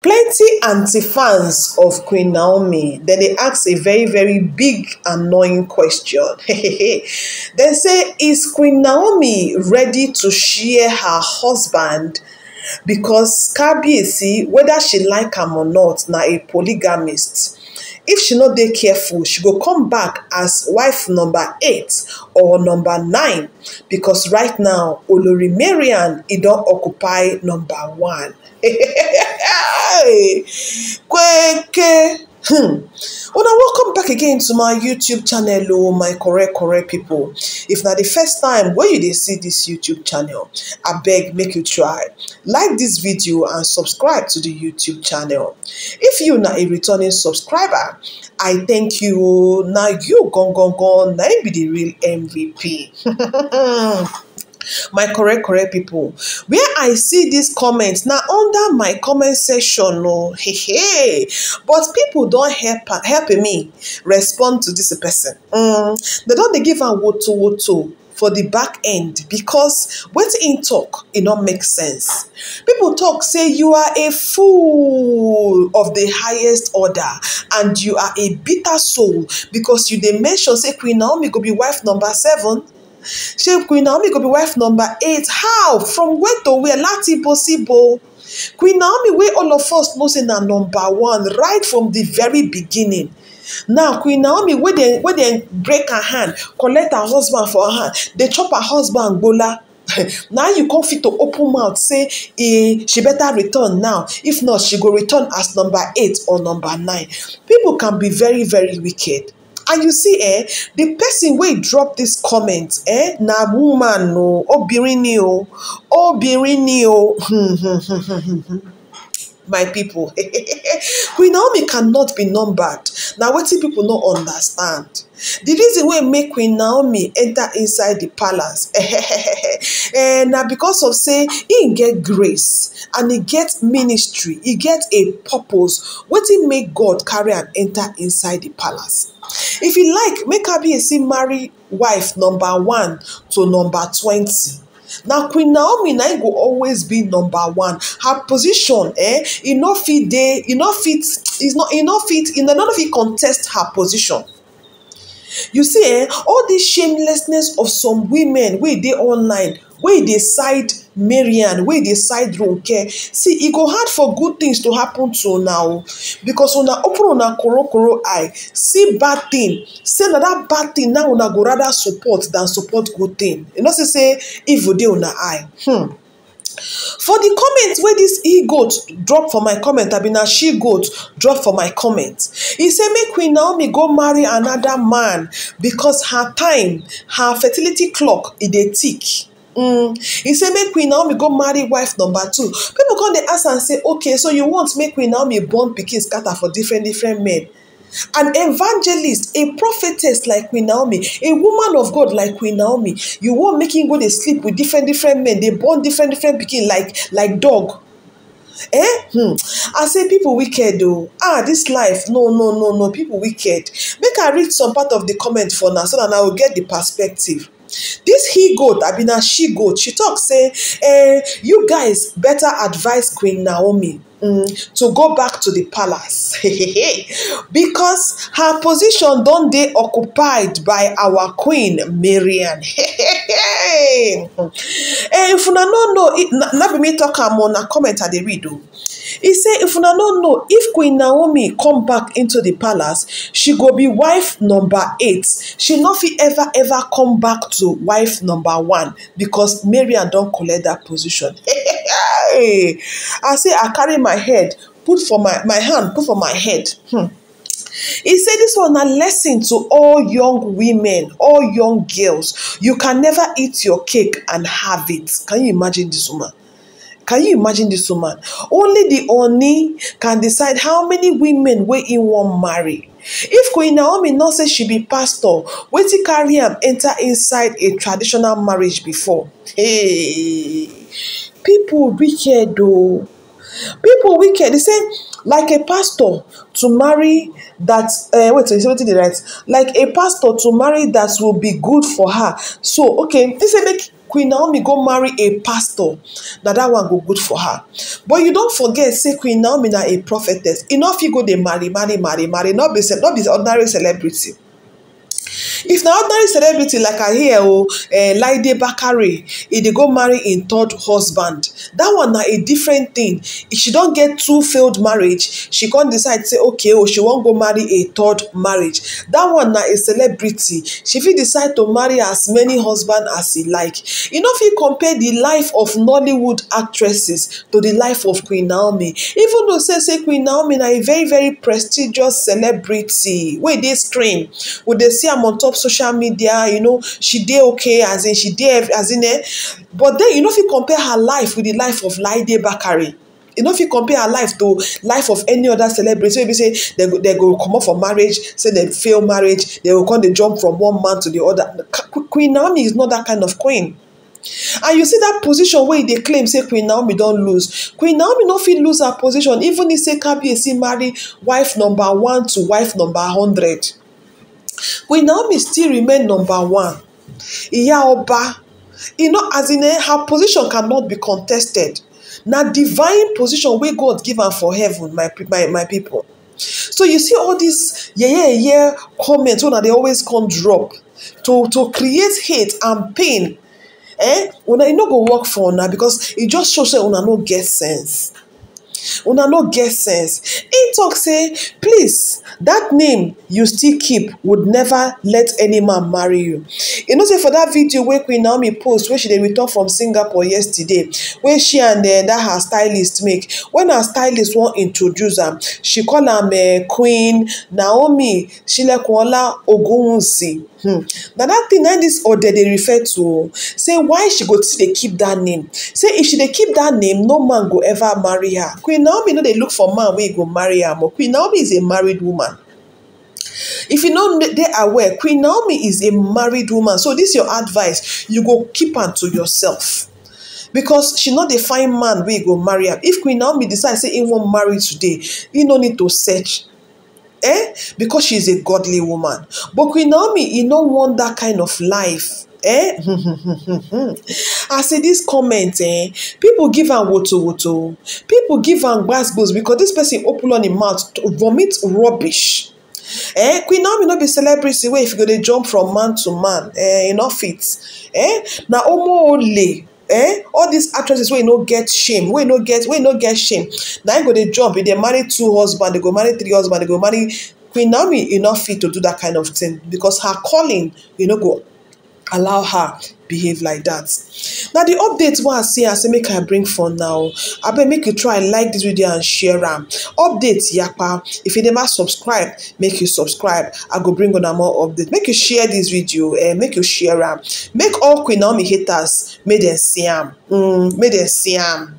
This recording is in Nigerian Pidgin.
plenty anti-fans of queen naomi Then they ask a very very big annoying question they say is queen naomi ready to share her husband becos kabiyesi whether she like him or not na a polygamist if she not dey careful she go come back as wife number eight or number nine Because right now olori he don't occupy number one hey kweke Hmm. Well, now welcome back again to my YouTube channel, oh my correct correct people. If not the first time where you did see this YouTube channel, I beg make you try like this video and subscribe to the YouTube channel. If you not a returning subscriber, I thank you. Oh. Now you gone gone gone. Now be the real MVP. my correct correct people. where i see these comments now under my comment section oh, hey hey but people don't help help me respond to this person mm, They don dey give to woto to for the back end because wetin in talk, it e don't make sense People talk say you are a fool of the highest order and you are a bitter soul because you they mention say queen naomi go be wife number seven ṣé Queen Naomi go be wife number eight how from where to where láti ibo Queen Naomi wey all of us know say na number one right from the very beginning now queen naomi wey dem break her hand collect her husband for her hand dey chop her husband gbola Now you come fit to open mouth say eh, she better return now if not she go return as number eight or number nine people can be very very wicked and you see eh the person wey drop this comment eh na woman o obìnrin ni o obìnrin ni o my people queen naomi cannot be numbered na wetin people no understand the reason wey make queen naomi enter inside the palace eh, na because of say e get grace and e get ministry e get a purpose wetin make god carry am enter inside the palace if you like make her be kabiyesi marry wife number one to number twenty na queen naomi na go always be number one her position eh e no fit dey e no fit e no e fit e, e no fit contest her position you see eh all this shamelessness of some women wey dey online wey dey side marian wey dey side ronke see e go hard for good things to happen to una o oh. because una open una korokoro eye see bad thing say na that bad thing now una go rather support than support good thing you know say say evil dey una eye hmm for the comment wey this e goat drop for my comment i bin na she goat drop for my comment He say make queen naomi go marry another man because her time her fertility clock e dey tick um mm. e say make queen naomi go marry wife number two People come they ask and say okay so you want make queen naomi born picking scatter for different different men an evangelist a prophetess like queen naomi a woman of god like queen naomi you want making go they sleep with different different men They born different different picking like like dog eh hmm i say people wicked though. ah this life no no no no People wicked make i read some part of the comment for now so that i will get the perspective This he goat abi na she goat she tok say eh you guys better advise queen naomi mm, to go back to the palace because her position don dey occupied by our queen marian eh if una no know na be me talk am on na comment i dey read o He say if una no know if queen naomi come back into the palace she go be wife number eight she no fit ever ever come back to wife number one because marian don collect that position i say i carry my head put for my my hand put for my head hmm e say dis one na lesson to all young women all young girls you can never eat your cake and have it can you imagine this woman Can you imagine this woman? Only the Oni can decide how many women wey in one marry. If Queen Naomi not say she be pastor, wait to carry him enter inside a traditional marriage before? Hey, people wicked though. People wicked. They say like a pastor to marry that uh, wait wait wetin dey like a pastor to marry that will be good for her so okay this say make queen naomi go marry a pastor Now that one go good for her but you don't forget say queen naomi na a prophetess Enough you go they marry marry marry marry not be ordinary celebrity if na ordinary celebrity like i hear o oh, eh, laide bakare e dey go marry im third husband dat one na a different thing If she don get two failed marriage she come decide say okay o oh, she wan go marry a third marriage dat one na a celebrity she fit decide to marry as many husband as e like e no fit compare di life of nollywood actresses to di life of queen naomi even though say say queen naomi na a very very prestigious celebrity wey dey screen we dey see am on top up social media you know she dey okay as in she dey as in eh but then you no fit compare her life with the life of laide bakare you no fit compare her life to life of any other celebrity wey be say they go comot for marriage say they fail marriage dem go come dey jump from one man to the other. queen naomi is not that kind of queen and you see that position wey e dey claim say queen naomi don lose queen naomi no fit lose her position even if say kabiyesi marry wife number one to wife number hundred Queen Naomi still remain number one. Iya Oba, you know, as in eh, her position cannot be contested. Na divine position wey God give am for heaven, my, my, my people. So you see all these yeah yeah yeah comments when they always come drop to to create hate and pain. Eh? Una e no go work for una because e just show say una no get sense una no get sense e tok say please that name you still keep would never let any man marry you you know say for that video wey queen naomi post wey she dey return from singapore yesterday wey she and eh, that her stylist make when her stylist wan introduce am she call am eh, queen naomi shilekunla ogunwusi Hmm. na dat thing na dis ode dey refer to say why she go still dey keep dat name say if she dey keep dat name no man go ever marry her queen naomi no dey look for man wey go marry am but queen naomi is a married woman if you no dey aware queen naomi is a married woman so dis your advice you go keep am to yourself because she no dey find man wey go marry am if queen naomi decide say im wan marry today e no need to search eh? because she is a godly woman. But Queen Naomi, you don't want that kind of life. Eh? I see this comment, eh? People give her woto woto. People give am gbasgbos because this person open on im mouth to vomit rubbish. Eh, Queen Naomi not be celebrity way if you go dey jump from man to man, eh, enough it. Eh? now omo only eh all these actresses wey no get shame wey no get no get shame na im go dey jump if dem marry two husband they go marry three husband they go marry queen naomi e no fit to do that kind of thing because her calling you no go allow her behave like that. Now the update wey i see i say make i bring for now abeg make you try like this video and share am update yapa if you never subscribe make you subscribe i go bring una more update make you share this video eh, make you share am make all queen naomi haters make dem see am mm, make dem see am